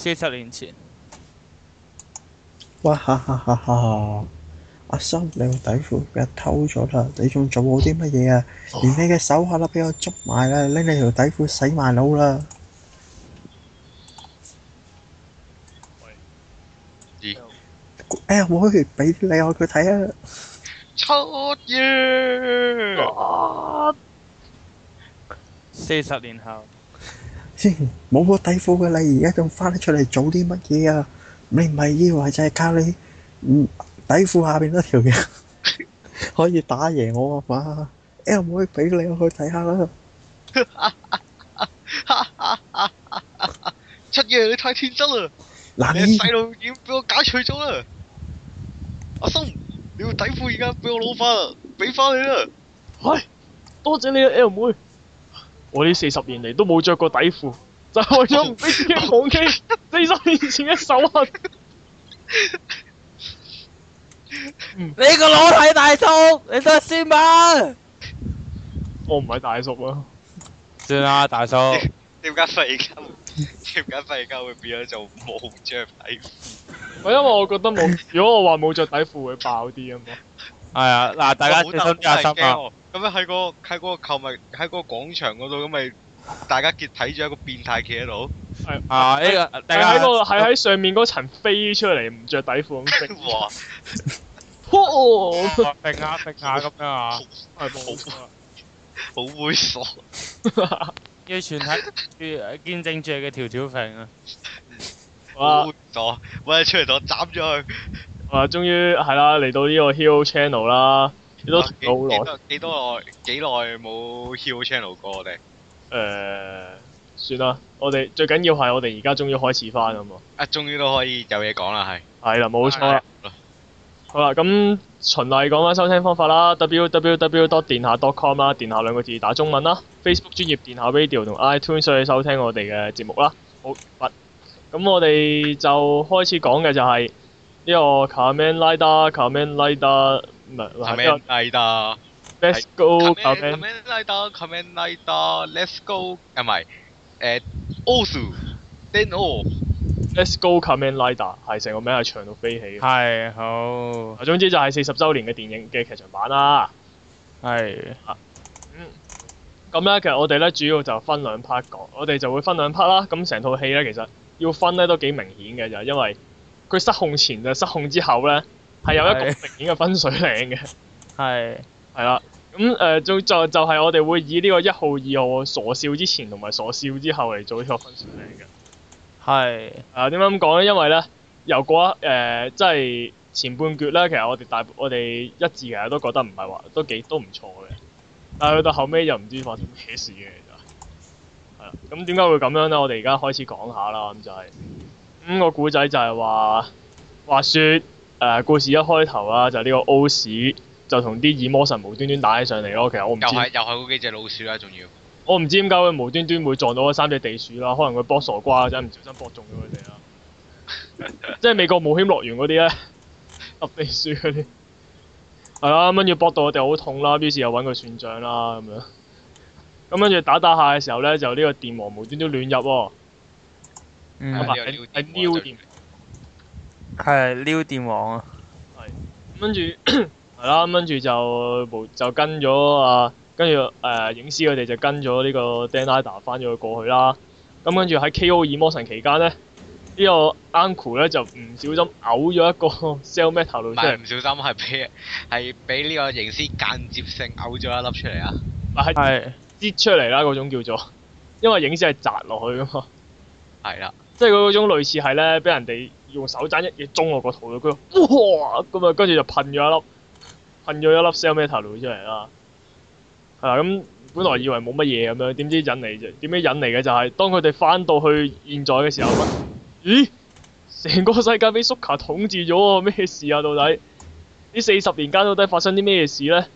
四十年前，哇哈哈哈哈！阿生，你條底褲俾人偷咗啦，你仲做過啲乜嘢啊？連你嘅手下都俾我捉埋啦，拎你條底褲洗埋腦啦！哎呀，我俾你開佢睇啊！出嘢！四十年後。冇個底褲嘅你而家仲翻得出嚟做啲乜嘢啊？你唔係以為就係靠你嗯底褲下邊嗰條嘢可以打贏我嘛？L 妹俾你去睇下啦！七夜你太天真啦！嗱，你細路已經俾我解除咗啦！阿松，你個底褲而家俾我攞翻，俾翻你啦！係，多謝你啊，L 妹。我呢四十年嚟都冇着過底褲，就為咗唔俾自己講嘅四十年前嘅手痕。你個裸體大叔，你得先嘛？我唔係大叔啊！算啦，大叔。點解突然間？點解突然間會變咗做冇着底褲？係因為我覺得冇，如果我話冇着底褲會爆啲啊嘛。係啊，嗱，大家小心啲啊，心啊！咁樣喺個喺嗰個購物喺嗰個廣場嗰度，咁咪大家結睇住一個變態企喺度。係啊，呢、這個定喺、那個係喺上面嗰層飛出嚟，唔着底褲咁升。哇！呼！劈下劈下咁樣啊！係冇錯，好,好,錯好,好猥瑣。要 全體要見證住嘅條條粉啊！猥瑣、啊，揾一出嚟攞斬咗佢。好啊！終於係啦，嚟到呢個 Hero Channel 啦。幾多耐？幾多耐？幾耐冇 h channel 過我哋？誒，算啦，我哋最緊要係我哋而家終於開始翻咁啊！終終於都可以有嘢講啦，係係啦，冇錯啦。好啦，咁循例講翻收聽方法啦，www.dot 電下 .com 啦，電下兩個字打中文啦、嗯、，Facebook 專業電下 radio 同 iTune s 可以收聽我哋嘅節目啦。好，咁我哋就開始講嘅就係、是、呢、這個 m e n l i d 拉 r Let's go。commander，let's go。commander，commander，commander，let's go。啊唔係，誒，all of，then all。let's go commander，係成個名係長到飛起。係好。啊總之就係四十週年嘅電影嘅劇場版啦。係、嗯。咁咧其實我哋咧主要就分兩 part 講，我哋就會分兩 part 啦。咁成套戲咧其實要分咧都幾明顯嘅，就係因為佢失控前就失控之後咧。係有一個明顯嘅分水嶺嘅，係係啦，咁、呃、誒，就就係、就是、我哋會以呢個一號二號傻笑之前同埋傻笑之後嚟做呢個分水嶺嘅，係、呃、啊，點解咁講咧？因為咧，由嗰一誒，即、呃、係、就是、前半橛咧，其實我哋大我哋一致嘅都覺得唔係話都幾都唔錯嘅，但係去到後尾，又唔知發生咩事嘅，就係啦。咁點解會咁樣咧？我哋而家開始講下啦，咁就係、是、咁、那個古仔就係話滑雪。誒、呃、故事一開頭啊，就呢、是、個 O 史就同啲二魔神無端端打起上嚟咯。其實我唔知又係又係嗰幾隻老鼠啦、啊，仲要我唔知點解會無端端會撞到嗰三隻地鼠啦。可能佢搏傻瓜，真係唔小心搏中咗佢哋啦。 即係美國冒險樂園嗰啲咧， 地鼠嗰啲係啦。跟住搏到我哋好痛啦，於是又揾佢算賬啦咁樣。咁跟住打打下嘅時候咧，就呢個電網無端端亂入喎、哦。嗯啊這個係撩電網啊！係，跟住係啦，跟住就冇就跟咗啊，跟住誒、呃、影師佢哋就跟咗呢個 Danida 返咗去過去啦。咁跟住喺 KO e 魔神期間咧，呢、這個 Uncle 咧就唔小心嘔咗一個 cell metal 頭腦出嚟，唔小心係俾係俾呢個影師間接性嘔咗一粒出嚟啊！係擠出嚟啦，嗰種叫做，因為影師係摘落去噶嘛。係啦，即係嗰種類似係咧，俾人哋。用手踭一嘢中我個肚佢話哇咁啊，跟住就噴咗一粒，噴咗一粒 cell metal 出嚟啦，係啊咁，本來以為冇乜嘢咁樣，點知引嚟啫？點解引嚟嘅就係、是、當佢哋翻到去現在嘅時候，咦？成個世界俾 Suka 統治咗喎，咩事啊？到底呢四十年間到底發生啲咩事咧？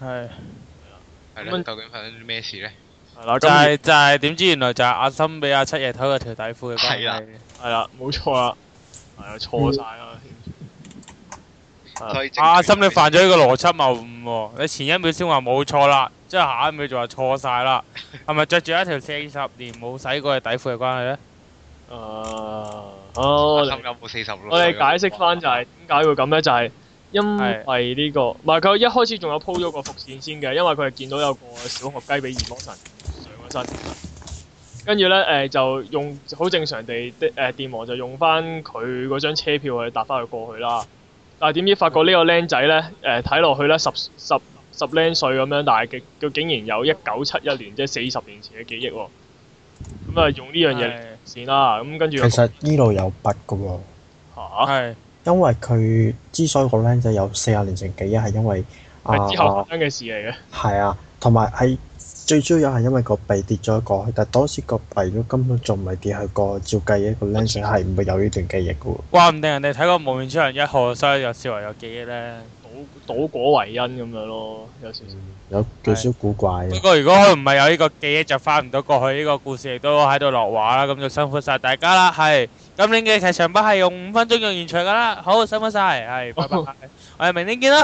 係。係咧。咁究竟發生啲咩事咧？就係、是、就係、是、點知原來就係阿森俾阿七爺偷咗條底褲嘅關係。係啦，冇錯啦，係、哎嗯、啊，錯晒啦！阿心你犯咗呢個邏輯謬誤。你前一秒先話冇錯啦，即係下一秒就話錯晒啦，係咪着住一條四十年冇洗過嘅底褲嘅關係咧？哦、啊，哦、啊，我哋解釋翻就係點解會咁咧？就係、是、因為呢、這個，唔係佢一開始仲有鋪咗個伏線先嘅，因為佢係見到有個小學雞俾二魔神上咗身。跟住咧，就用好正常地的誒、呃、電王就用翻佢嗰張車票去搭翻佢過去啦。但係點知發覺個呢個僆仔咧，睇、呃、落去咧十十十僆歲咁樣，但係佢竟然有一九七一年，即係四十年前嘅記憶喎。咁、嗯、啊，用呢樣嘢先啦。咁跟住其實呢度有筆㗎喎。嚇！係因為佢之所以個僆仔有四十年前記憶，係因為之後發生嘅事嚟嘅。係啊，同埋係。最主要又係因為個幣跌咗過去，但係當時個幣都根本仲未跌去過，照計一個僆仔係唔會有呢段記憶嘅喎。話唔定人哋睇過無面超人一號，所以有少少有記憶咧，賭果為因咁樣咯，有少少有少少古怪。不過如果佢唔係有呢個記憶，就翻唔到過去呢、這個故事在，亦都喺度落畫啦。咁就辛苦晒大家啦，係。今年嘅劇場不係用五分鐘用完場噶啦，好辛苦晒，係，拜拜，哦、我哋明天見啦，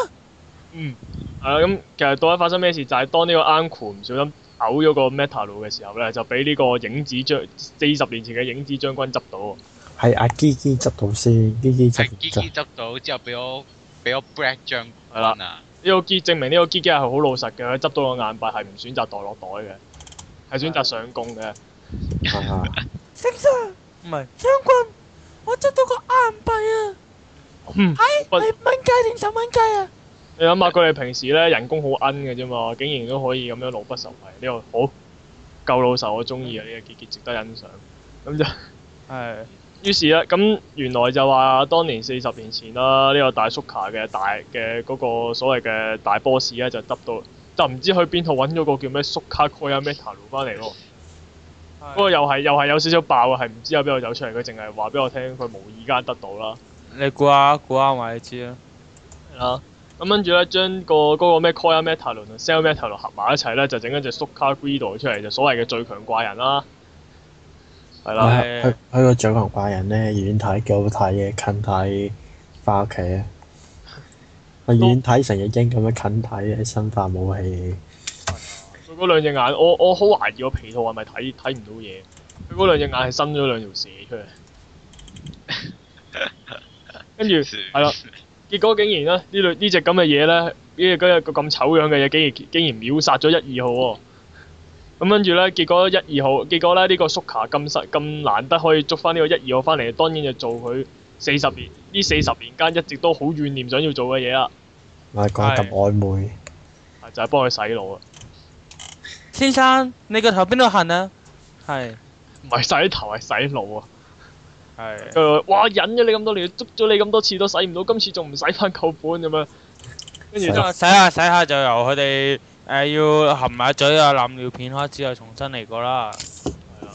嗯。係、嗯、啦，咁、嗯嗯嗯嗯、其實到底發生咩事？就係、是、當呢個 uncle 唔小心嘔咗個 metal 嘅時候咧，就俾呢個影子將四十年前嘅影子將軍執到。係阿 Gigi 執到先，Gigi 執到，基基到，基基到之後俾我俾我 b r e a k 將軍啦、啊。呢、這個 G 證明呢個 Gigi 係好老實嘅，執到、嗯、 到個硬幣係唔選擇袋落袋嘅，係選擇上供嘅。哈哈。先生，唔係將軍，我執到個硬幣啊！係、嗯，你蚊雞定十蚊雞啊？你諗下佢哋平時咧，人工好奀嘅啫嘛，竟然都可以咁樣老不守恥，呢、這個好夠老實，我中意啊！呢、這個結結值得欣賞咁就係。於是咧，咁原來就話當年四十年前啦，呢、這個大叔卡嘅大嘅嗰個所謂嘅大 boss 咧就揼到，就唔知道去邊度揾咗個叫咩蘇卡科因咩塔羅翻嚟喎。不過又係又係有少少爆啊！係唔知有邊個走出嚟？佢淨係話俾我聽，佢無意間得到啦。你估下估下咪知啦。啊。咁跟住咧，將個嗰個咩 Core Metal 輪同 Cell Metal 輪合埋一齊咧，就整一隻 Super Guido 出嚟，就所謂嘅最強怪人啦，係啦。去、啊、去個最強怪人咧，遠睇幾好睇嘅，近睇返屋企啊。佢遠睇成日英咁樣近，近睇係生化武器。佢嗰兩隻眼，我我好懷疑個皮套係咪睇睇唔到嘢？佢嗰兩隻眼係伸咗兩條蛇出嚟， 跟住係咯。 是的 結果竟然呢隻，呢隻咁嘅嘢呢，呢隻咁醜樣嘅嘢，竟然竟然秒殺咗一二號喎、哦。咁跟住呢，結果一二號，結果呢、呢個 Suka 咁難得可以捉翻呢個一二號翻嚟，當然就做佢四十年呢四十年間一直都好怨念想要做嘅嘢啦。唔係講咁曖昧，就係幫佢洗腦啊！先生，你個頭邊度痕啊？係唔係洗頭係洗腦啊？誒，哇！忍咗你咁多年，捉咗你咁多次都洗唔到，今次仲唔洗翻舊本咁樣。跟住洗下洗下就由佢哋誒，要含埋嘴啊，攬尿片啦，之後重新嚟過啦。係啊，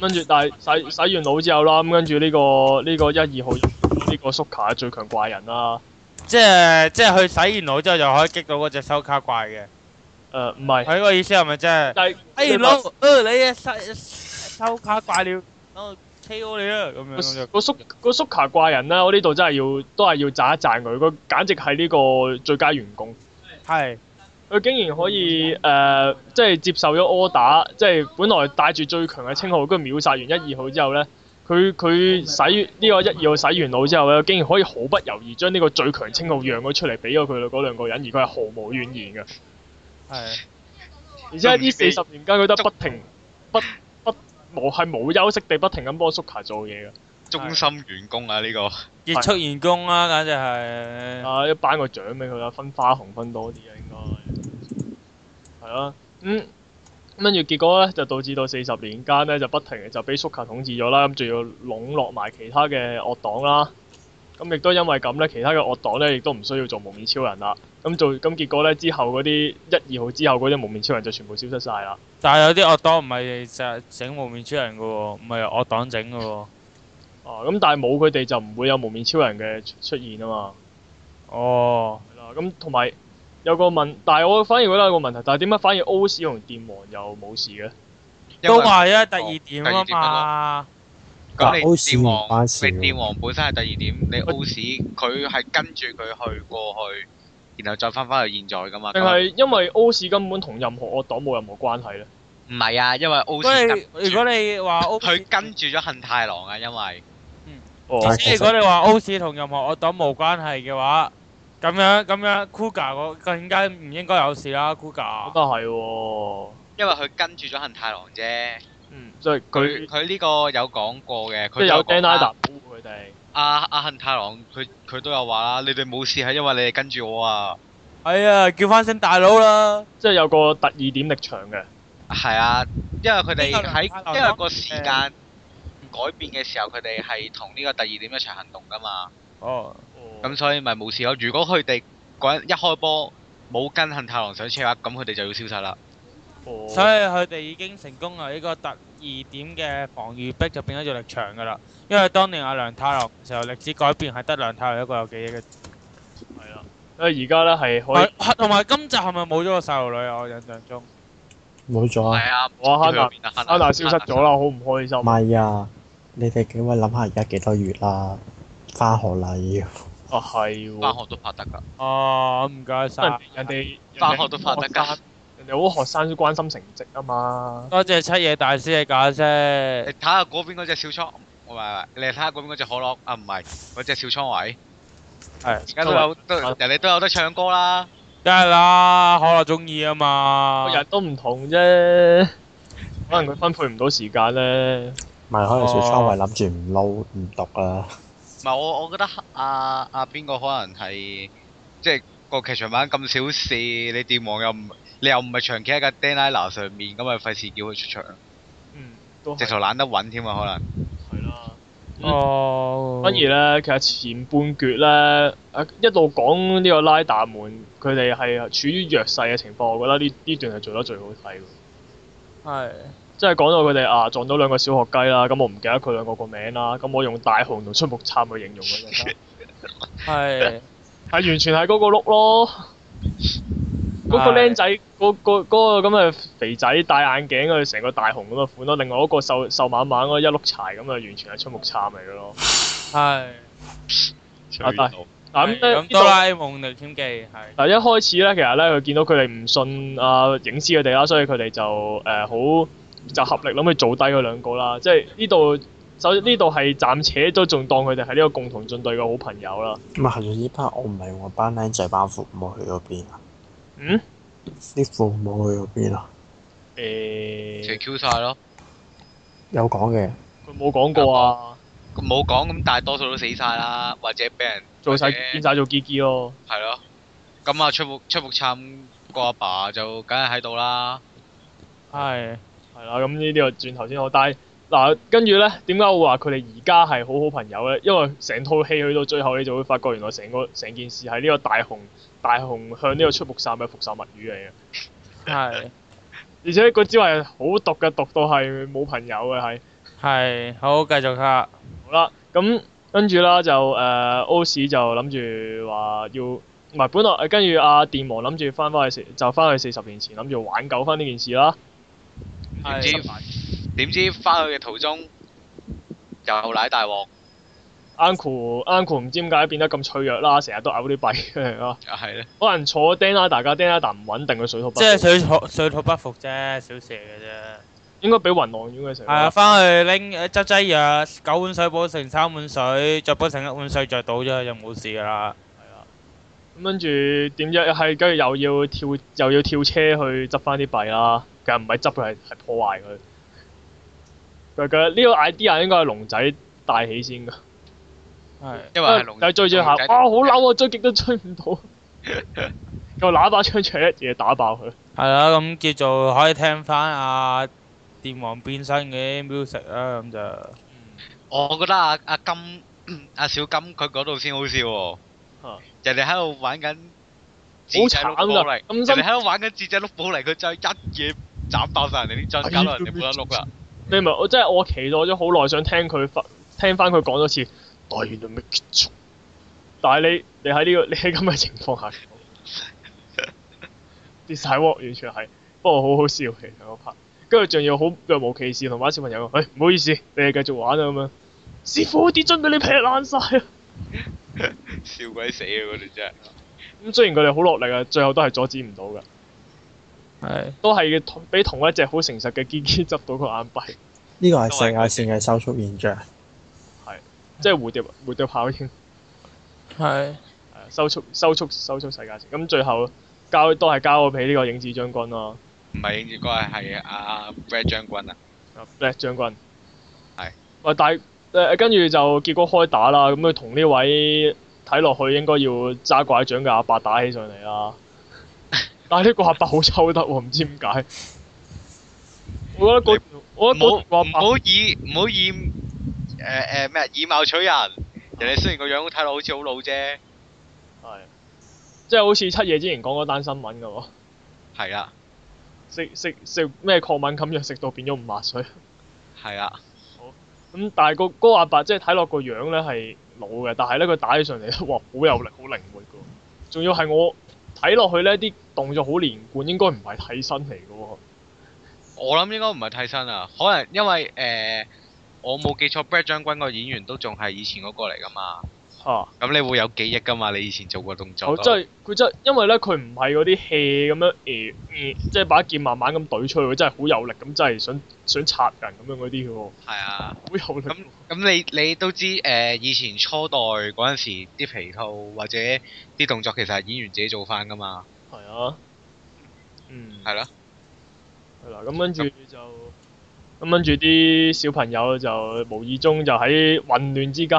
跟住但係洗洗完腦之後啦，咁跟住呢個呢個一二號呢個蘇卡最強怪人啦。即係即係佢洗完腦之後就可以擊到嗰隻蘇卡怪嘅。誒，唔係，佢個意思係咪即係。哎，老，誒，你嘅蘇蘇卡怪了。欺我哋啊！咁樣個叔個 Suka 怪人啦，我呢度真係要都係要讚一讚佢，佢簡直係呢個最佳員工。係。佢竟然可以誒、呃，即係接受咗 order，哦、即係本來帶住最強嘅稱號，跟住秒殺完一二號之後咧，佢佢洗呢個一二號洗完腦之後咧，竟然可以毫不猶豫將呢個最強稱號讓咗出嚟俾咗佢嗰兩個人，而佢係毫無怨言嘅。係。而且喺呢四十年間，佢都不停不。 我係冇休息地不停咁幫蘇卡做嘢噶，中心員工啊呢、這個傑出員工啊，簡直係啊，頒個獎俾佢啦，分花紅分多啲啊，應該係啦。咁跟住結果咧，就導致到四十年間咧，就不停地就俾蘇卡統治咗啦。咁仲要籠絡埋其他嘅惡黨啦。咁亦都因為咁咧，其他嘅惡黨咧，亦都唔需要做蒙面超人啦。咁做咁結果咧，之後嗰啲一二號之後嗰啲蒙面超人就全部消失晒啦。但係有啲惡黨唔係整無面超人㗎喎，唔係惡黨整㗎喎。哦、啊，咁但係冇佢哋就唔會有無面超人嘅出現啊嘛。哦，咁同埋有，有個問，但係我反而覺得有個問題，但係點解反而 o 史同電王又冇事嘅？都係啊，第二點啊嘛。咁你電王，你電王本身係第二點，你 o 史佢係跟住佢去過去。過去然後再翻返去現在㗎嘛，定係因為 O 市根本同任何惡黨冇任何關係咧？唔係啊，因為 O 市。如果你話 O 市，佢跟住咗恨太郎啊，因為。哦。即係如果你話 O 市同任何惡黨冇關係嘅話，咁樣咁樣 Kuga 我更加唔應該有事啦，Kuga。咁又係喎。因為佢跟住咗恨太郎啫。嗯。即係佢佢呢個有講過嘅，佢有 Denada。佢哋。阿阿幸太郎佢佢都有話啦，你哋冇事係因為你哋跟住我啊，係啊，叫翻聲大佬啦，即、就、係、是、有個特異點力場嘅、啊，係啊，因為佢哋喺因為個時間改變嘅時候，佢哋係同呢個特異點一齊行動噶嘛，哦、啊，咁、啊、所以咪冇事咯。如果佢哋一,一開波冇跟幸太郎上車嘅話，咁佢哋就要消失啦。所以佢哋已經成功啊！呢個特異點嘅防禦壁就變咗做力場噶啦，因為當年阿梁泰隆時候歷史改變係得梁泰隆一個有記憶嘅。係啊，所以而家咧係可以。係係，同埋今集係咪冇咗個細路女啊？我印象中冇咗啊！係啊，我安娜安娜消失咗啦，好唔開心。唔係啊，你哋幾位諗下而家幾多月啦？返學啦要。啊係喎！返學都怕得㗎。啊唔該晒。人哋返學都怕得㗎。有好學生都關心成績啊嘛！多謝七夜大師嘅解釋。你睇下嗰邊嗰隻小倉，喂喂，你睇下嗰邊嗰隻可樂啊？唔係，嗰隻小倉位係而家都有，啊、都人哋都有得唱歌啦，梗係啦，可樂中意啊嘛。日都唔同啫，可能佢分配唔到時間咧，唔 係可能小倉位諗住唔撈唔讀啊？唔 係我我覺得啊，阿、啊、邊個可能係即係個劇場版咁小事，你電王又唔？你又唔係長期喺個 deadline 上面，咁咪費事叫佢出場？嗯，都直頭懶得揾添啊，可能。係、嗯、啦。哦、啊嗯嗯嗯。反而咧，其實前半決咧，一路講呢個拉大門，佢哋係處於弱勢嘅情況，我覺得呢呢段係做得最好睇。係。即係講到佢哋啊撞到兩個小學雞啦，咁我唔記得佢兩個個名啦，咁我用大雄同出木杉去形容 咯。係。係完全係嗰個碌咯。嗰、那個僆、那個那個、仔，嗰個咁嘅肥仔戴眼鏡，佢成個大雄咁嘅款咯。另外一個瘦瘦蜢蜢嗰一碌柴咁啊，完全係出木杉嚟咗咯。係、 嗯。啊，係。嗱咁咧，哆啦 A 夢嚟簽係。嗱一開始咧，其實咧佢見到佢哋唔信啊影師佢哋啦，所以佢哋就誒好、呃、就合力諗去做低嗰兩個啦。即係呢度，首先呢度係暫且都仲當佢哋係呢個共同進退嘅好朋友啦。唔係，係呢 part 我唔係我班僆仔班服冇去咗邊啊？嗯，啲父母去嗰邊啊？誒、欸，就 Q 晒咯。有講嘅。佢冇講過啊，佢冇講咁，大多數都死晒啦，或者俾人做晒變晒做 Gigi 囉。係咯。係咯，咁啊出幕出幕參個阿爸就梗係喺度啦。係係啦，咁呢啲就轉頭先好，但係嗱，跟住咧，點解我話佢哋而家係好好朋友咧？因為成套戲去到最後，你就會發覺原來成個成件事係呢個大雄。大雄向呢個出木杉嘅復仇物語嚟嘅，係，而且嗰招係好毒嘅，毒到係冇朋友嘅係。係，好繼續下，好啦，咁跟住啦就誒，O、呃、市就諗住話要，唔係本來，跟住阿、啊、電王諗住翻返去就翻去四十年前諗住挽救翻呢件事啦。點知，點知翻去嘅途中又奶大王。uncle uncle 唔知點解變得咁脆弱啦，成日都嘔啲幣啊！啊係咧，可能坐釘啦，大家釘啦，但唔穩定佢水土不服。即係水土水土不服啫，小事嘅啫。應該比雲浪丸佢食。係啊，翻去拎執劑藥，九碗水補成三碗水，再補成一碗水，碗水再倒咗就冇事噶啦。係啊。咁跟住點樣？係跟住又要跳又要跳車去執翻啲幣啦！其實唔係執佢係破壞佢。佢覺得呢個 idea 應該係龍仔帶起先嘅。係，又追住行，啊好嬲啊！追極都追唔到，就 拿把槍一嘢打爆佢。係啊，咁叫做可以聽翻阿、啊、電王變身嘅 music 啦，咁就、嗯。我覺得阿、啊、阿、啊、金阿、啊、小金佢嗰度先好笑，哦啊，人哋喺度玩緊好仔碌寶力，人哋喺度玩緊智仔碌寶嚟，佢就一嘢斬爆晒人哋啲樽，搞到人哋冇得碌啦。你唔係我真係我期待咗好耐，想聽佢翻聽翻佢講多次。但係你你喺呢個你喺咁嘅情況下跌晒鍋 完全係。不過好好笑，其實我拍，跟住仲要好若無其事，同埋小朋友說：哎，唔好意思，你哋繼續玩啊。咁樣，師傅啲樽俾你劈爛晒啊！笑鬼死啊！你真係。咁雖然佢哋好落力啊，最後都係阻止唔到噶。係， 都係同俾同一隻好誠實的嘅機機執到個硬幣。呢個係世界線嘅收縮現象。 即係蝴蝶，蝴蝶跑添。係。收束，收束，收束世界線。咁最後交都係交咗俾呢個影子將軍咯。唔係影子是、啊啊、將軍，係阿 b r e t t 將軍啊。阿 b r e t t 將軍。係。喂，大、呃、誒，跟住就結果開打啦。咁佢同呢位睇落去應該要揸拐杖嘅阿伯打起上嚟啦。 但係呢個阿伯好抽得喎、哦，唔知點解。我覺得嗰、那個、我唔好以唔好以。誒誒咩？以、呃、貌取人，人哋雖然個樣睇落好似好老啫，係，即係好似七夜之前講嗰單新聞嘅喎，係啊，食食食咩抗敏感藥食到變咗五麻水，係啊，好咁。但係個高阿伯即係睇落個樣咧係老嘅，但係咧佢打起上嚟都哇好有力，好靈活嘅，仲要係我睇落去咧啲動作好連貫，應該唔係替身嚟㗎喎，我諗應該唔係替身啊，可能因為誒。呃我冇記錯 Brad 將軍個演員都仲係以前嗰個嚟噶嘛？咁、啊、你會有記憶噶嘛？你以前做過動作？我真係佢真，因為咧佢唔係嗰啲 hea 咁樣、呃嗯、即係把劍慢慢咁懟出去，真係好有力咁，真係想想，想插人咁樣嗰啲嘅喎。係啊！好有力咁。咁你你都知誒、呃？以前初代嗰陣時啲皮套或者啲動作，其實係演員自己做翻噶嘛？係啊。嗯。係啦、啊。係啦、啊，咁跟住就。咁跟住啲小朋友就無意中就喺混亂之間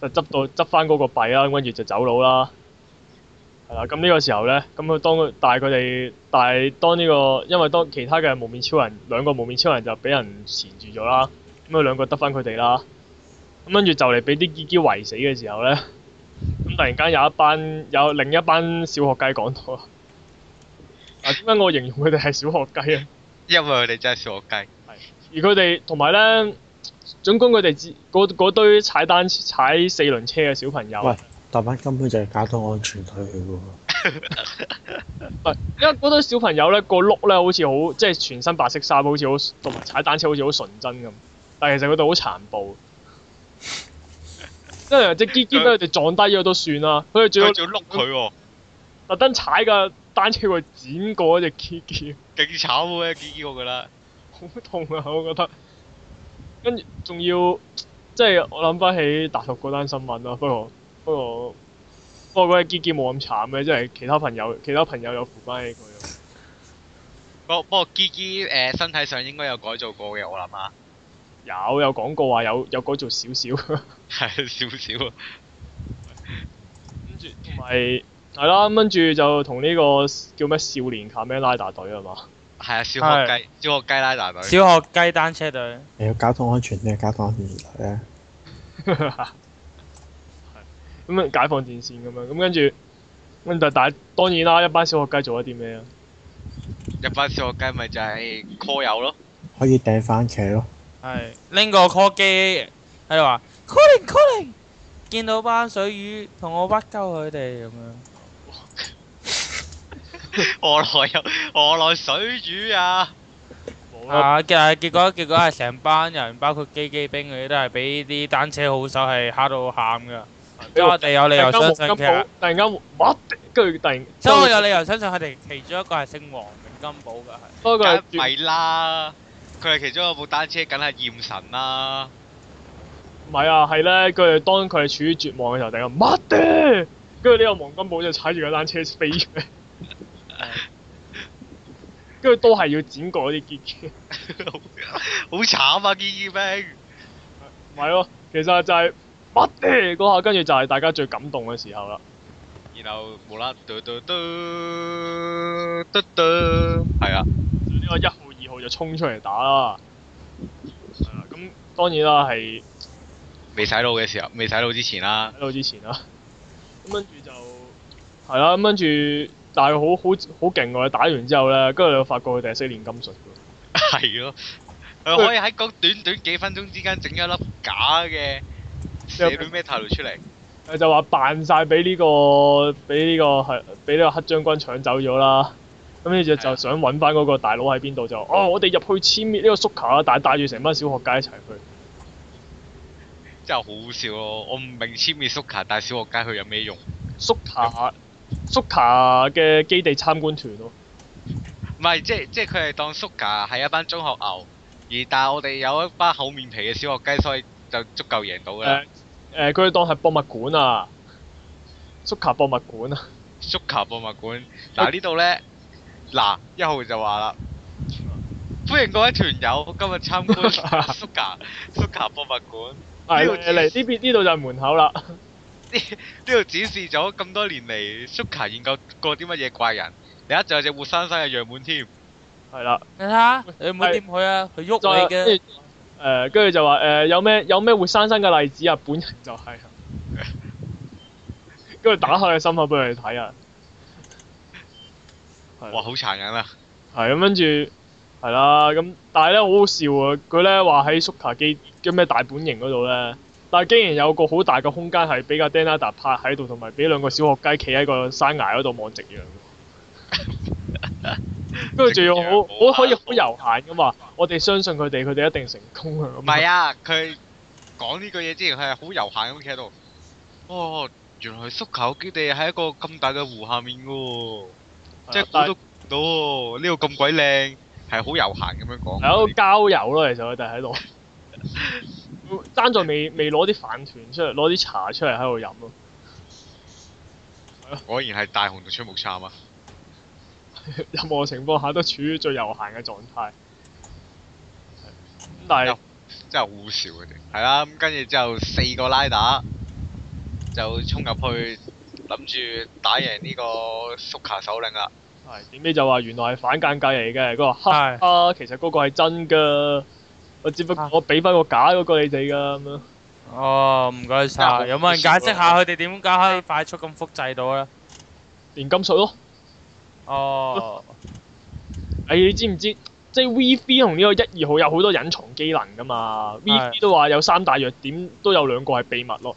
就，就執到執翻嗰個幣啦，跟住就走佬啦。係啦，咁呢個時候咧，咁佢當但係佢哋，但係當呢、呢個，因為當其他嘅蒙面超人兩個蒙面超人就俾人纏住咗啦，咁佢兩個得翻佢哋啦。咁跟住就嚟俾啲機機圍死嘅時候咧，咁突然間有一班有另一班小學雞講到啊，點解我形容佢哋係小學雞啊？因為佢哋真係小學雞。而佢哋同埋咧，總共佢哋嗰堆踩單踩四輪車嘅小朋友，喂，大班根本就係交通安全隊喎。因為嗰堆小朋友咧，個碌咧好似好，即係全身白色衫，好似好同埋踩單車好似好純真咁。但係其實佢哋好殘暴，即係隻機機俾佢哋撞低咗都算啦。佢哋仲要碌佢喎，特登踩架單車去剪過一隻機機，勁慘嘅機機，我覺得。好痛啊！我覺得，跟住仲要，即係我諗翻起大陸嗰單新聞啦。不過，不過，不過嗰個基基冇咁慘嘅，即係其他朋友，其他朋友有扶翻起佢。不不過基基、呃、身體上應該有改造過嘅，我諗下。有有講過話有有改造少少。係少少。跟住同埋係啦，跟住就同呢個叫咩少年卡咩拉達隊係嘛？係啊，小學雞，小學雞拉大隊，小學雞單車隊。你要交通安全定係交通安全員咧？咁啊，解放電線咁啊，咁跟住，咁但係當然啦，一班小學雞做咗啲咩啊？一班小學雞咪就係 call 友咯，可以掟番茄咯。係拎個 call 機喺度話 calling calling，見到班水魚同我屈鳩佢哋咁樣。俄來有我來水煮啊！啊，結啊，結果結果係成班人， 包括機機兵佢都係俾啲單車好手係嚇到喊噶。所以我哋有理由相信其，其突然間 m 跟住突然，所以我有理由相信佢哋其中一個係姓黃明金寶噶係。不過係，咪啦？佢係其中的一個部單車，梗係厭神啦。唔係啊，係咧、啊。佢係當佢係處於絕望嘅時候，突然間 m 跟住呢個黃金寶就踩住個單車飛出都係要剪過啲結嘅，好慘啊！堅堅兵，係咯，其實就係乜嘢嗰下，跟住就係大家最感動嘅時候啦。然後無嘟嘟嘟嘟嘟嘟嘟嘟啦嘟，係啊，呢個一號、二號就衝出嚟打啦。係啊，咁當然啦，係未洗腦嘅時候，未洗腦之前啦。洗腦之前啦。咁跟住就係啦，咁跟住。但係好好好勁喎！打完之後咧，跟住就發覺佢哋係識煉金術嘅、啊。係、嗯、咯，佢可以喺短短幾分鐘之間整一粒假嘅寫啲咩頭腦出嚟、嗯。佢、嗯、就話扮晒俾呢個俾呢、呢個係俾呢個黑將軍搶走咗啦。咁跟住就想揾翻嗰個大佬喺邊度就、啊、哦，我哋入去簽滅呢個蘇卡，但係帶住成班小學雞一齊去。真係好笑咯、哦！我唔明簽滅 Suka 帶小學雞去有咩用？Suka Suka 嘅基地參觀團咯、哦，唔係即係即係佢係當 Suka 係一班中學牛，而但係我哋有一班厚面皮嘅小學雞，所以就足夠贏到嘅。誒、呃，誒、呃，佢哋當係博物館啊，Suka 博物館啊，Suka 博物館。嗱、啊、呢度咧，嗱、啊、一號就話啦，歡迎各位團友今日參觀 Suka, Suka 博物館。係嚟呢邊呢度就係門口啦。呢 度展示咗咁多年嚟，Suka 研究過啲乜嘢怪人？另一就有隻活生生嘅樣本添，係啦。你睇下，你唔好掂佢啊。佢喐咗你嘅。誒，跟住、呃、就話誒、呃，有咩有咩活生生嘅例子啊？本人就係，跟 住打開個心口俾佢哋睇啊！ 哇，好殘忍啊！係咁跟住係啦，咁但係咧好好笑啊！佢咧話喺 Suka 記叫咩大本營嗰度咧。但係竟然有個好大嘅空間係俾阿 Daniel 拍喺度，同埋俾兩個小學雞企喺個山崖嗰度望夕陽。跟住仲要好， 我可以好悠閒噶嘛？ 我哋相信佢哋，佢哋一定成功嘅。唔係啊，佢講呢句嘢之前係好悠閒咁企喺度。哦，原來係宿求基地喺一個咁大嘅湖下面喎、啊，即係估唔到呢個咁鬼靚係好悠閒咁樣講。係一個郊遊咯、啊，其實佢哋喺度。 爭在未未攞啲飯團出嚟，攞啲茶出嚟喺度飲咯、啊。啊、果然係大雄同出木杉啊！ 任何情況下都處於最悠閒嘅狀態但。但係真係好笑嗰啲。係啦、啊，跟住之後四個拉打就衝入去，諗住打贏呢個 Sukka 首領啦。係。點知就話原來係反間計嚟嘅。嗰、嗰個黑啊，其實嗰個係真嘅。我只不過我俾翻個假嗰個你哋噶咁樣。哦，唔該晒。有冇人解釋下佢哋點解可以快速咁複製到咧？煉金術咯。哦。哎，你知唔知即係 VB 同呢個一二號有好多隱藏技能噶嘛。VB 都話有三大弱點，都有兩個係秘密咯。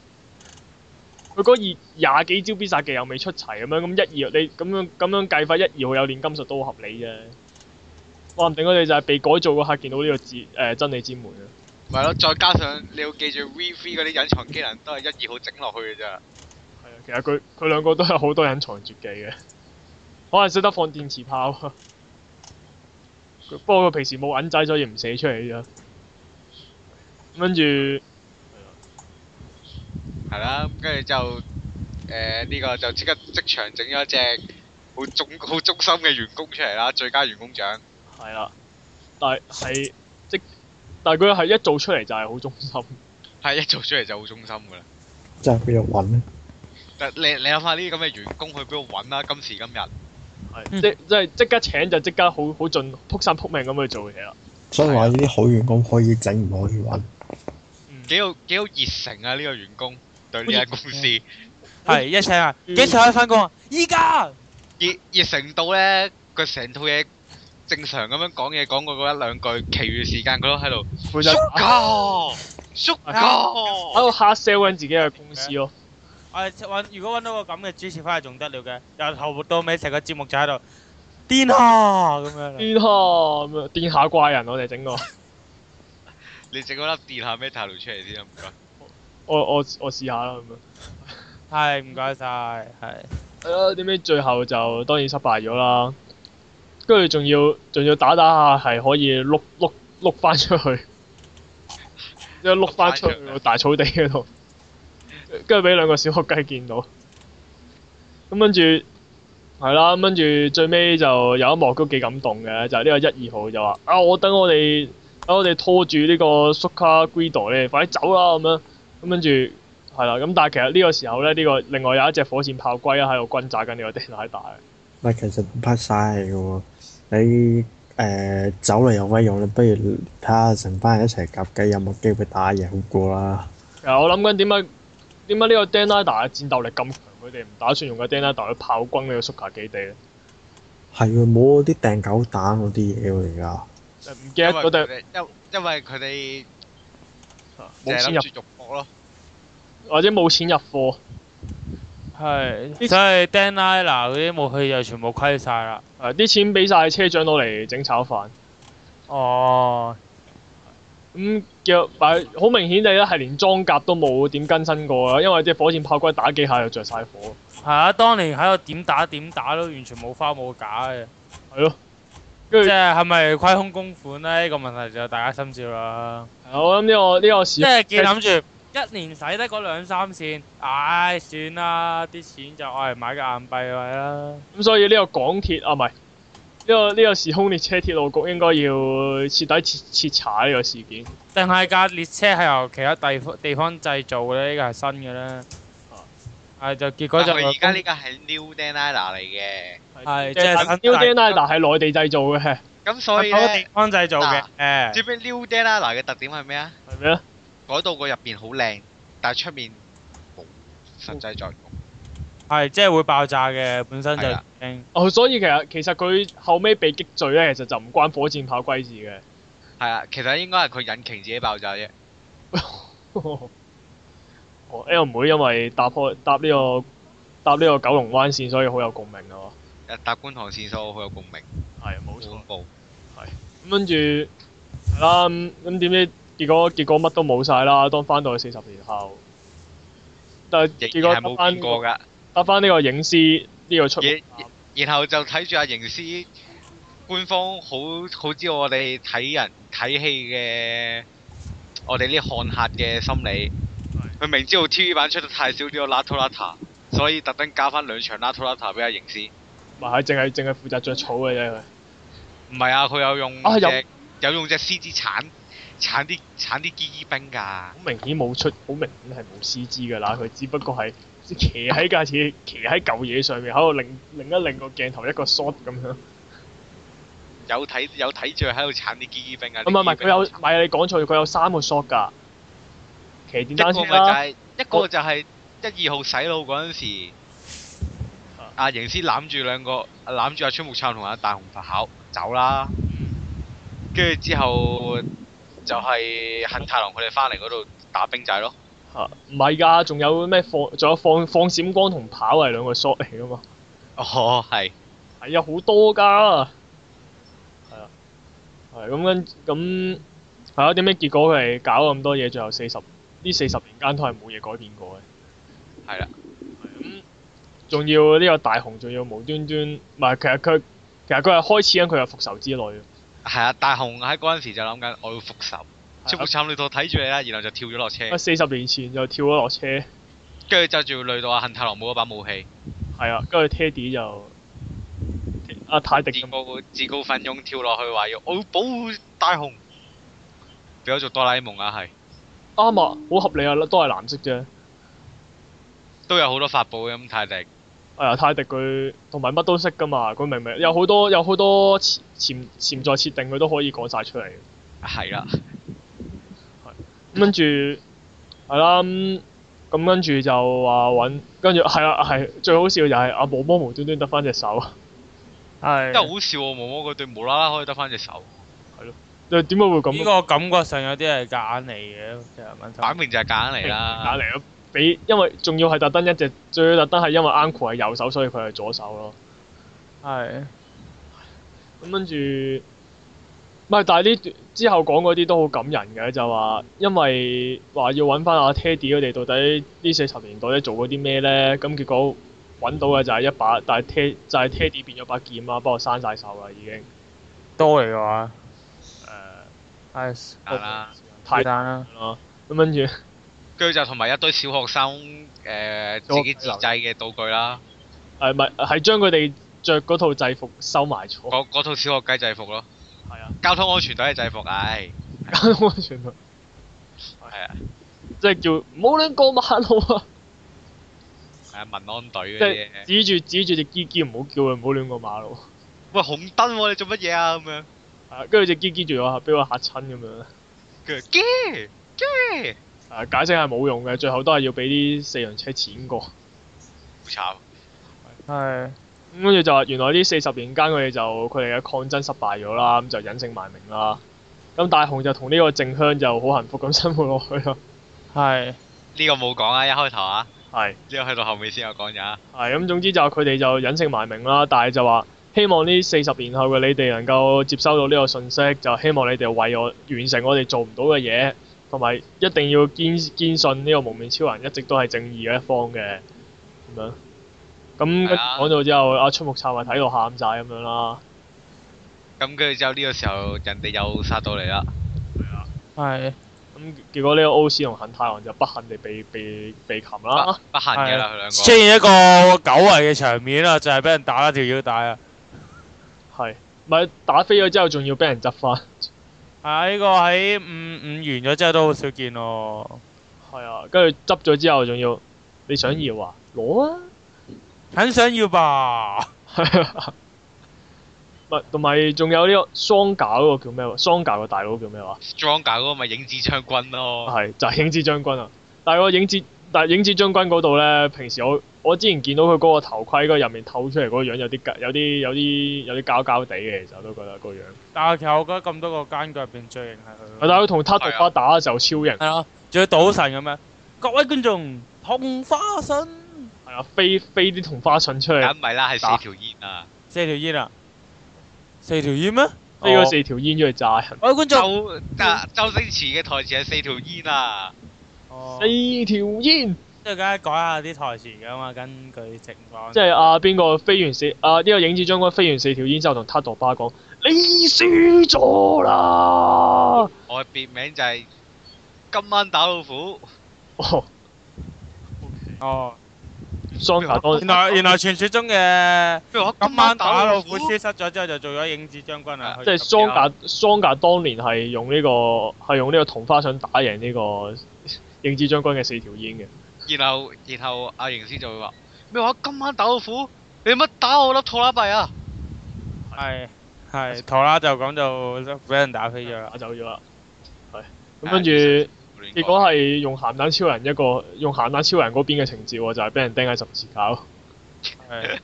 佢嗰二廿幾招必殺技又未出齊咁樣，咁一二你咁樣咁樣計法，一二號有煉金術都好合理嘅。可、哦、唔定嗰啲就係被改造嗰客見到呢、這個字誒、呃，真理之門啊！唔係咯，再加上你要記住 VV 嗰啲隱藏技能都係一二號整落去嘅啫。係啊，其實佢佢兩個都有好多隱藏絕技嘅。可能識得放電磁炮，不過佢平時冇銀仔，所以唔寫出嚟啫。跟住係啦，跟住就誒呢、呃這個就即刻即場整咗一隻好忠好忠心嘅員工出嚟啦，最佳員工獎。係啦，但係即但係佢係一做出嚟就係好忠心，係一做出嚟就好忠心噶啦。就係佢又搵。但你你諗下呢啲咁嘅員工去邊度搵啊？今時今日係、嗯、即即係即刻請就即刻好好盡撲心撲命咁去做嘢啦。所以話呢啲好員工可以整唔可以搵？嗯，幾好幾好熱誠啊！呢個員工對呢間公司係一請啊，幾時可以翻工啊？依家熱熱誠到咧，個成套嘢。正常咁樣講嘢講過嗰一兩句，其餘時間佢都喺度縮膠縮膠喺度 hard sell 緊自己嘅公司咯。誒，搵如果搵到個咁嘅主持翻嚟仲得了嘅，由頭到尾成個節目就喺度癲下咁樣，癲下咁樣，癲下怪人我哋整個。你整嗰粒癲下咩態度出嚟先啊？唔該，我我我試下啦咁啊。係唔該晒，係。係咯，點解最後就當然失敗咗啦。跟住仲要仲要打打下，係可以碌碌碌翻出去，一碌翻出去的大草地嗰度，跟住俾兩個小學雞見到。咁跟住係啦，咁跟住最尾就有一幕都幾感動嘅，就係呢個一二號就話：啊，我等我哋，等我哋拖住呢個蘇卡格代咧，快啲走啦！咁樣咁跟住係啦。咁但係其實呢個時候咧，呢個另外有一隻火箭炮龜啊喺度轟炸緊呢個螞蟻大。唔係，其實唔劈曬嘅喎。你誒、呃、走嚟有乜用，你不如睇下成班人一齊夾雞，有冇機會打贏好過啦！啊，我諗緊點解點解呢個 d a n d e 嘅戰鬥力咁強，佢哋唔打算用個 d a n d e 去炮轟呢個 Suka 基地咧？係啊，冇啲掟狗蛋嗰啲嘢㗎而家。唔記得佢哋因因為佢哋冇錢入肉搏咯，或者冇錢入貨。係即就係 Denila 嗰啲武器就全部虧晒啦，誒啲錢俾晒車長攞嚟整炒飯。哦，咁叫，但好、嗯、明顯你咧係連裝甲都冇點更新過啦，因為啲火箭炮 gun 打幾下又着晒火。係啊，當年喺度點打點打都完全冇花冇假嘅。係咯、跟住，即係係咪虧空公款呢、這個問題就大家心照啦。好，我諗呢個呢、這個事，即係記諗住。一年使得嗰兩三線，唉，算啦，啲錢就愛嚟買個硬幣位啦。咁所以呢個港鐵啊，唔係呢個呢個時空列車鐵路局應該要徹底徹徹查呢個事件。定係架列車係由其他地方地方製造嘅咧？呢個係新嘅咧？係就結果就而家呢個係 New Denada 嚟嘅，係即係 New Denada 係內地製造嘅。咁所以咧，地方製造嘅。誒，知唔知 New Denada 嘅特點係咩啊？係咩？改到個入面好靚，但係出面冇實際作用。係，即係會爆炸嘅，本身就靚，哦。所以其實其實佢後尾被擊碎咧，其實就唔關火箭炮歸事嘅。係啊，其實應該係佢引擎自己爆炸啫、哦。炸哦，我唔會因為搭搭呢個搭呢個九龍灣線，所以好有共鳴咯。搭觀塘線，所以好有共鳴。係冇錯，係。咁跟住係啦，咁點知？結果結果乜都冇晒啦，當翻到去四十年後，但係結果得翻個，得翻呢個影師呢、這個出，然後就睇住阿影師，官方好好知道我哋睇人睇戲嘅，我哋呢看客嘅心理，佢明知道 TV 版出得太少呢個拉托拉塔，所以特登加翻兩場拉托拉塔俾阿影師。唔、啊、係，淨係淨係負責着草嘅啫佢。唔係啊，佢有用、啊有，有用隻獅子鏟。鏟啲鏟啲 G.I. 兵噶，好明顯冇出，好明顯係冇 C.G. 噶啦。佢只不過係騎喺架車，騎喺舊嘢上面喺度擰擰一擰個鏡頭一個 shot 咁樣。有睇有睇住喺度鏟啲 G.I. 兵啊！唔係唔係，佢有唔係你講錯，佢有三個 shot 噶。騎電單車啊！一個就係、一個就係、一二號洗腦嗰陣時，阿盈先攬住兩個，攬住阿崔木燦同阿大紅發口走啦。跟住之後。就係《恨太郎》佢哋翻嚟嗰度打兵仔咯、啊。嚇，唔係㗎，仲有咩放？仲有放放閃光同跑係兩個 shot 嚟㗎嘛。哦，係。係有好多㗎。係啊。係咁跟咁係啊，點樣、啊、結果佢係搞咁多嘢，最後四十呢四十年間都係冇嘢改變過嘅。係啦、啊。咁仲、啊嗯、要呢個大雄，仲要無端端，唔係，其實佢其實佢係開始緊佢嘅復仇之旅。係啊，大雄喺嗰陣時就諗緊我要復仇，復仇、啊、你度睇住你啦，然後就跳咗落車。四十年前就跳咗落車，跟住就住累到阿恒太郎冇一把武器。係啊，跟住、啊、泰迪就阿泰迪自告奮勇跳落去話要我要保護大雄，變咗做哆啦 A 夢啊係。啱啊，好、啊、合理啊，都係藍色啫。都有好多法寶嘅咁泰迪。係啊，泰迪佢同埋乜都識噶嘛，佢明明有好多有好多潛潛潛在設定，佢都可以講晒出嚟。係啦，咁跟住係啦，咁跟住就話揾，跟住係啦係，最好笑嘅就係阿毛毛無端端得翻隻手，係真係好笑喎、哦！毛毛佢對無啦啦可以得翻隻手、啊，係咯，你點解會咁？呢個我感覺上有啲係夾硬嚟嘅，其實問題，反面就係夾硬嚟啦、啊欸，硬嚟咯。俾因為仲要係特登一隻最要特登係因為 uncle 係右手，所以佢係左手咯。係。咁跟住。唔係，但係呢段之後講嗰啲都好感人嘅，就話因為話要揾翻阿 Teddy 佢哋到底呢四十年代咧做過啲咩咧？咁結果揾到嘅就係一把，但係 Ted 就係 Teddy 變咗把劍啦，不過生晒手啦已經。刀嚟㗎嘛？誒係係啦，太單啦。咁跟住。跟住就同埋一堆小學生、呃、小學生自己自製嘅道具啦。係咪？係將佢哋着嗰套制服收埋咗。嗰套小學雞制服咯。係啊，交通安全隊嘅制服唉。哎、交通安全隊、哎啊啊。係啊。即係叫唔好亂過馬路啊。係啊，民安隊嘅嘢。指住指住隻雞雞唔好叫佢唔好亂過馬路，啊。喂，紅燈喎，啊！你做乜嘢啊？咁樣，啊。跟住隻雞雞仲俾我嚇，俾我嚇親咁樣。跟住雞雞。誒解釋係冇用嘅，最後都係要俾啲四輪車錢過。好慘。係。咁跟住就話，原來呢四十年間佢哋，佢哋就佢哋嘅抗爭失敗咗啦，咁就隱姓埋名啦。咁大雄就同呢個靜香就好幸福咁生活落去咯。係。呢、呢個冇講啊，一開頭啊。係。之後去到後面先有講嘢啊。係，咁總之就佢哋就隱姓埋名啦，但係就話希望呢四十年後嘅你哋能夠接收到呢個信息，就希望你哋為我完成我哋做唔到嘅嘢。同埋一定要堅，堅信呢個蒙面超人一直都係正義嘅一方嘅咁樣，咁講到之後，阿、啊、出木杉咪睇到喊晒咁樣啦。咁跟住之後呢個時候，人哋又殺到嚟啦。係、啊。係。咁結果呢個奧斯同肯太郎就不幸地被被被擒啦。不幸嘅啦，啊、兩個出現一個久違嘅場面啦，就係、是、俾人打甩條腰帶啊。係。咪打飛咗之後被，仲要俾人執翻。係啊，呢、這個喺五五完咗之後都好少見咯。係啊，跟住執咗之後仲要，你想要啊？攞啊！很想要吧 還、這個？唔同埋仲有呢個雙架嗰個叫咩話？雙甲個大佬叫咩話？雙甲嗰個咪影子將軍咯、哦。係就係、是、影子將軍啊！但係個影子但係影子將軍嗰度咧，平時我。我之前見到佢嗰個頭盔嗰入面透出嚟嗰個樣有啲有啲有啲有啲膠膠哋嘅，其實我都覺得個樣。但係其實我覺得咁多個奸角入邊最型係佢。但係佢同塔毒花打嘅時候超型。係啊，仲要賭神咁啊、嗯！各位觀眾，同花順。係啊，飛飛啲同花順出嚟。唔係啦，係四，啊、四條煙啊！四條煙啊！四條煙咩？哦。飛咗四條煙出去炸人。各位觀眾，周周星馳嘅台詞係四條煙啊！哦、四條煙。即係而家講下啲台詞噶嘛，根據情況。即係阿邊個飛完四，啊，呢、這個影子將軍飛完四條煙之後，同塔杜巴講：你輸咗啦！我嘅別名就係今晚打老虎。哦。哦。桑達當年。原來、啊、原來傳說中嘅今晚打老虎消失咗之後，就做咗影子將軍啊！即係桑達桑達當年係用呢、這個係用呢個同花順打贏呢個影子將軍嘅四條煙嘅。然後，然後阿瑩先就會話：咩、啊、話今晚打老虎？你乜打我粒拖拉幣啊？係、哎、係，拖、哎、拉就講就俾人打飛咗啦，啊、我走咗啦。係咁，跟、哎、住結果係用鹹蛋超人一個，用鹹蛋超人嗰邊嘅情節啊，就係俾人釘喺十字架。係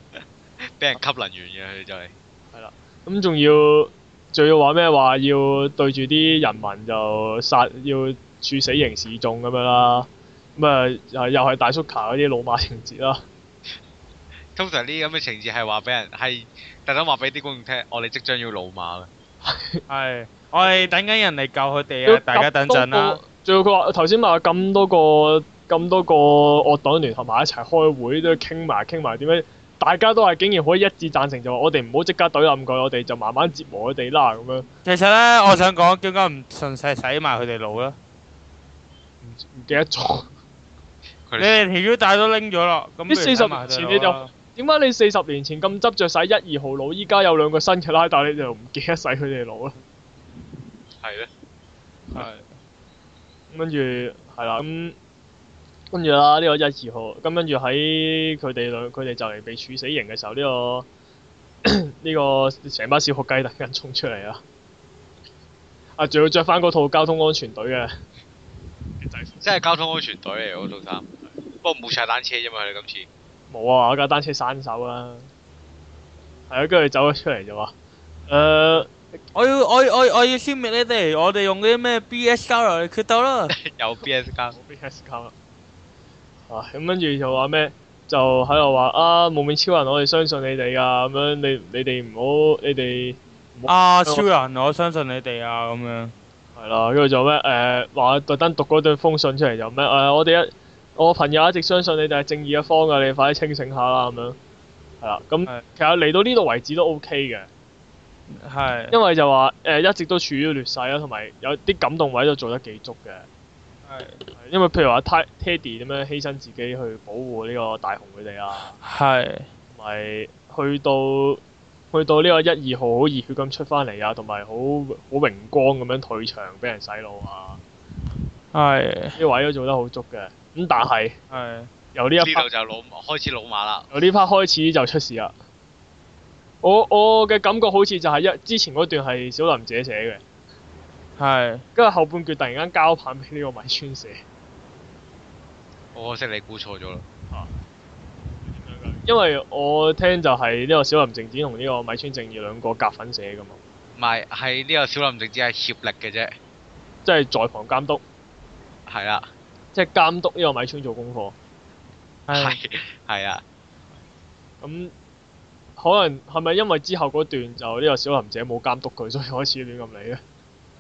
俾是 人吸能源嘅、啊、就係、是。係啦，咁仲要仲要話咩話？要對住啲人民就殺，要處死刑示眾咁樣啦。嗯。咁又係又係大叔卡嗰啲老馬情節啦。通常呢啲咁嘅情節係話俾人係特登話俾啲觀眾聽，我哋即將要老馬嘅。係 ，我哋等緊人嚟救佢哋啊！大家等陣啦。仲有佢話頭先話咁多個咁多個惡黨聯合埋一齊開會，都要傾埋傾埋點樣。大家都係竟然可以一致贊成，就話我哋唔好即刻懟冧佢，我哋就慢慢折磨佢哋啦咁樣。其實咧，我想講點解唔順勢洗埋佢哋腦咧？唔、嗯、唔記得咗。他你條腰帶都拎咗、嗯、啦，咁呢四十年前你就點解你四十年前咁執着晒一二號腦，依家有兩個新嘅拉帶，你就唔記得晒佢哋腦咯？係咧，係，跟住係啦，咁跟住啦，呢個一二號，咁跟住喺佢哋兩，佢哋就嚟被處死刑嘅時候，呢、這個呢、 這個成班小學雞突然間衝出嚟啦啊，仲要着翻嗰套交通安全隊嘅，即、就、係、是、交通安全隊嚟嗰套衫。 不過冇踩單車啫嘛，你今次冇啊！我架單車生手啦，係啊，跟住走咗出嚟，就話，誒，我要我要我要我要消滅你哋，我哋用啲咩 B.S. 膠嚟決鬥啦！有 B.S. 膠，B.S. 膠，啊咁跟住就話咩？就喺度話啊，蒙面超人，我哋相信你哋噶，咁樣你你哋唔好，你哋啊，超人，我，我相信你哋啊，咁樣係啦，跟住就咩？誒、呃，話特登讀嗰段封信出嚟，就咩？誒、啊，我哋一。我朋友一直相信你哋係正義一方噶，你哋快啲清醒下啦咁樣，係啦。咁其實嚟到呢度為止都 OK 嘅，係。因為就話誒、呃、一直都處於劣勢啊，同埋有啲感動位都做得幾足嘅，係。因為譬如話 Teddy 咁樣犧牲自己去保護呢個大雄佢哋啊，係。同埋去到去到呢個一二號好熱血咁出翻嚟啊，同埋好好榮光咁樣退場俾人洗腦啊，係。啲位都做得好足嘅。咁但係、嗯，由呢一，part 就開始老馬啦。由呢 part 開始就出事啦。我我嘅感覺好似就係一之前嗰段係小林自己寫嘅，係跟住後半段突然間交棒俾呢個米村寫。我可惜你估錯咗啦、啊。因為我聽就係呢個小林靜子同呢個米村正義兩個夾粉寫噶嘛。唔係，係呢個小林靜子係協力嘅啫，即係在旁監督。係啦。即係監督呢個米村做功課，係係啊，咁可能係咪因為之後嗰段就呢、呢個小林姐冇監督佢，所以開始亂咁嚟咧？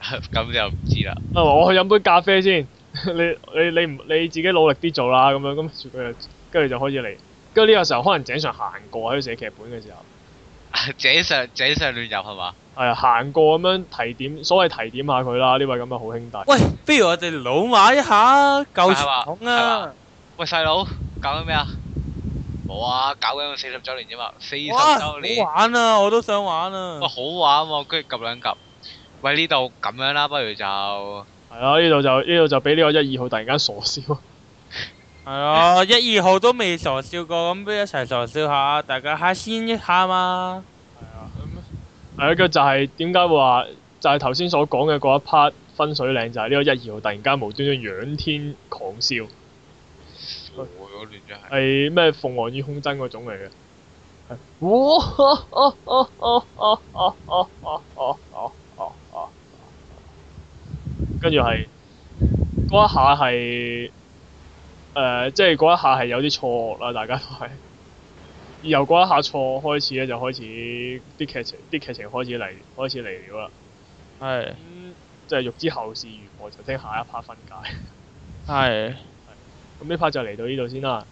咁 就唔知啦。我去飲杯咖啡先，你你你唔你，你自己努力啲做啦，咁咁跟住就開始嚟。跟住呢個時候，可能井上行過喺度寫劇本嘅時候。者 上整上亂入係嘛，係行、啊、過咁樣提點，所謂提點下佢啦呢位咁嘅好兄弟。喂，不如我哋老馬一下舊傳統啊！喂細佬，搞緊咩啊？冇啊，搞緊四十周年啫嘛，四十周年。好玩啊！我都想玩啊！喂，好玩喎，啊，跟住夾兩夾。喂，呢度咁樣啦，不如就係啦，呢度，啊、就呢度就俾呢個一二號突然間傻笑。係啊，一二號都未傻笑過，咁不如一齊傻笑下，大家開心一下嘛。係啊。係啊，佢就係點解話，就係頭先所講嘅嗰一 part 分水嶺，就係呢個一二號突然間無端端仰天狂笑。唔係。係咩鳳凰于空真嗰種嚟嘅？跟住係，嗰一下係。誒、呃，即係嗰一下係有啲錯愕啦，大家都係由嗰一下錯愕開始咧，就開始啲劇情，啲劇情開始嚟，開始嚟咗啦。係、嗯。即係欲知後事如何，就聽下一 part 分解。係。咁呢 part 就嚟到呢度先啦。